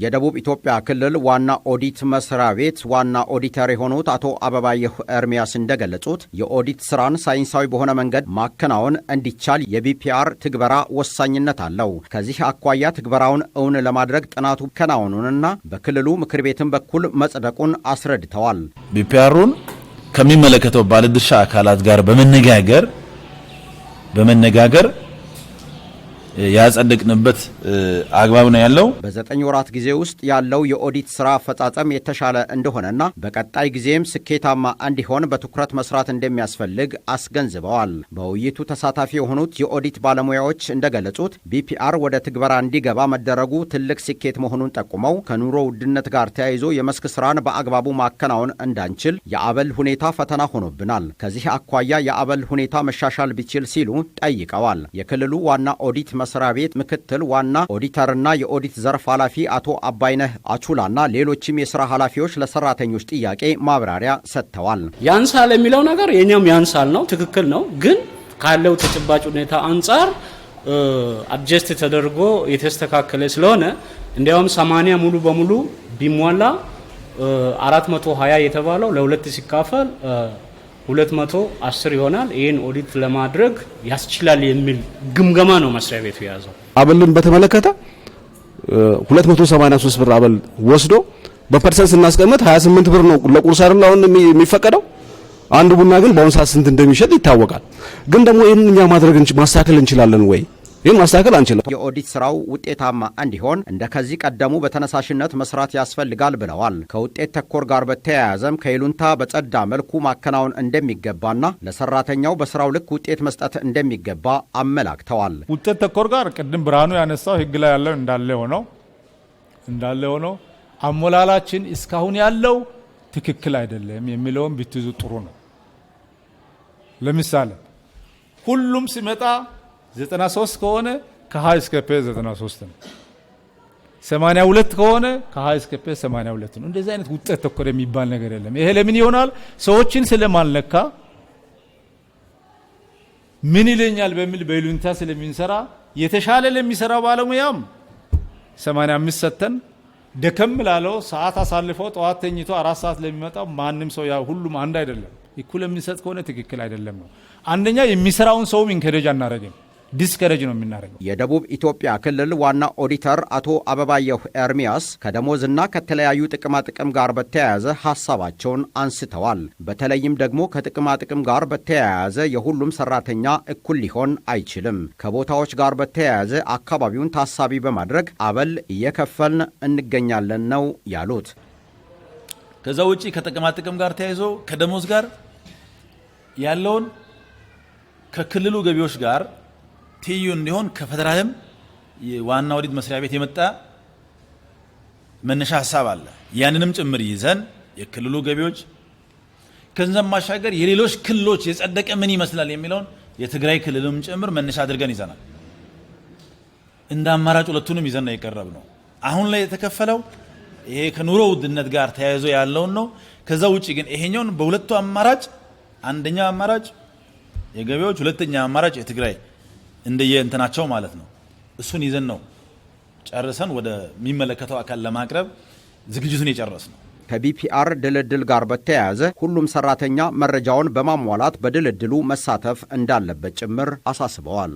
የደቡብ ኢትዮጵያ ክልል ዋና ኦዲት መስሪያ ቤት ዋና ኦዲተር የሆኑት አቶ አበባየሁ ኤርሚያስ እንደገለጹት የኦዲት ስራን ሳይንሳዊ በሆነ መንገድ ማከናወን እንዲቻል የቢፒአር ትግበራ ወሳኝነት አለው። ከዚህ አኳያ ትግበራውን እውን ለማድረግ ጥናቱ መከናወኑንና በክልሉ ምክር ቤትም በኩል መጽደቁን አስረድተዋል። ቢፒአሩን ከሚመለከተው ባለድርሻ አካላት ጋር በመነጋገር በመነጋገር ያጸደቅንበት አግባብ ነው ያለው። በዘጠኝ ወራት ጊዜ ውስጥ ያለው የኦዲት ስራ አፈጻጸም የተሻለ እንደሆነና በቀጣይ ጊዜም ስኬታማ እንዲሆን በትኩረት መስራት እንደሚያስፈልግ አስገንዝበዋል። በውይይቱ ተሳታፊ የሆኑት የኦዲት ባለሙያዎች እንደገለጹት ቢፒአር ወደ ትግበራ እንዲገባ መደረጉ ትልቅ ስኬት መሆኑን ጠቁመው ከኑሮ ውድነት ጋር ተያይዞ የመስክ ስራን በአግባቡ ማከናወን እንዳንችል የአበል ሁኔታ ፈተና ሆኖብናል። ከዚህ አኳያ የአበል ሁኔታ መሻሻል ቢችል ሲሉ ጠይቀዋል። የክልሉ ዋና ኦዲት መስሪያ ቤት ምክትል ዋና ኦዲተርና የኦዲት ዘርፍ ኃላፊ አቶ አባይነህ አቹላና ሌሎችም የስራ ኃላፊዎች ለሰራተኞች ጥያቄ ማብራሪያ ሰጥተዋል። ያንሳል የሚለው ነገር የኛም ያንሳል ነው፣ ትክክል ነው። ግን ካለው ተጨባጭ ሁኔታ አንጻር አድጀስት ተደርጎ የተስተካከለ ስለሆነ እንዲያውም 80 ሙሉ በሙሉ ቢሟላ 420 የተባለው ለሁለት ሲካፈል 210 ይሆናል። ይህን ኦዲት ለማድረግ ያስችላል የሚል ግምገማ ነው መስሪያ ቤቱ የያዘው። አበልን በተመለከተ 283 ብር አበል ወስዶ በፐርሰንት ስናስቀምጥ 28 ብር ነው ለቁርስ አይደል አሁን የሚፈቀደው። አንድ ቡና ግን በአሁኑ ሰዓት ስንት እንደሚሸጥ ይታወቃል። ግን ደግሞ ይህን እኛ ማድረግ ማስተካከል እንችላለን ወይ? ይህም ማስተካከል አንችልም። የኦዲት ስራው ውጤታማ እንዲሆን እንደ ከዚህ ቀደሙ በተነሳሽነት መስራት ያስፈልጋል ብለዋል። ከውጤት ተኮር ጋር በተያያዘም ከይሉንታ በጸዳ መልኩ ማከናወን እንደሚገባና ለሰራተኛው በስራው ልክ ውጤት መስጠት እንደሚገባ አመላክተዋል። ውጤት ተኮር ጋር ቅድም ብርሃኑ ያነሳው ህግ ላይ ያለው እንዳለ ሆነው እንዳለ ሆነው አሞላላችን እስካሁን ያለው ትክክል አይደለም የሚለውን ብትይዙ ጥሩ ነው። ለምሳሌ ሁሉም ሲመጣ 93 ከሆነ ከሀ እስከ ፔ 93 ነው። 82 ከሆነ ከሀ እስከ ፔ 82 ነው። እንደዚህ አይነት ውጤት ተኮር የሚባል ነገር የለም። ይሄ ለምን ይሆናል? ሰዎችን ስለማልነካ ምን ይለኛል በሚል በይሉኝታ ስለሚንሰራ የተሻለ ለሚሰራ ባለሙያም 85 ሰተን ደከም ላለው ሰዓት አሳልፈው ጠዋት ተኝቶ አራት ሰዓት ለሚመጣው ማንም ሰው ያው ሁሉም አንድ አይደለም። እኩል የሚሰጥ ከሆነ ትክክል አይደለም ነው። አንደኛ የሚሰራውን ሰውም ኢንከሬጅ አናረግም። ዲስከረጅ ነው የምናደርገው። የደቡብ ኢትዮጵያ ክልል ዋና ኦዲተር አቶ አበባየሁ ኤርሚያስ ከደሞዝና ከተለያዩ ጥቅማጥቅም ጋር በተያያዘ ሀሳባቸውን አንስተዋል። በተለይም ደግሞ ከጥቅማጥቅም ጋር በተያያዘ የሁሉም ሰራተኛ እኩል ሊሆን አይችልም። ከቦታዎች ጋር በተያያዘ አካባቢውን ታሳቢ በማድረግ አበል እየከፈልን እንገኛለን ነው ያሉት። ከዛ ውጪ ከጥቅማጥቅም ጋር ተያይዞ ከደሞዝ ጋር ያለውን ከክልሉ ገቢዎች ጋር ትይዩ እንዲሆን ከፌደራልም ዋና ወዲድ መስሪያ ቤት የመጣ መነሻ ሀሳብ አለ። ያንንም ጭምር ይዘን የክልሉ ገቢዎች ከዛም ማሻገር የሌሎች ክልሎች የጸደቀ ምን ይመስላል የሚለውን የትግራይ ክልልም ጭምር መነሻ አድርገን ይዘናል። እንደ አማራጭ ሁለቱንም ይዘን ነው የቀረብ ነው። አሁን ላይ የተከፈለው ይሄ ከኑሮ ውድነት ጋር ተያይዞ ያለውን ነው። ከዛ ውጭ ግን ይሄኛውን በሁለቱ አማራጭ አንደኛው አማራጭ የገቢዎች ሁለተኛ አማራጭ የትግራይ እንደየ እንትናቸው ማለት ነው። እሱን ይዘን ነው ጨርሰን ወደሚመለከተው አካል ለማቅረብ ዝግጅቱን የጨረስ ነው። ከቢፒአር ድልድል ጋር በተያያዘ ሁሉም ሰራተኛ መረጃውን በማሟላት በድልድሉ መሳተፍ እንዳለበት ጭምር አሳስበዋል።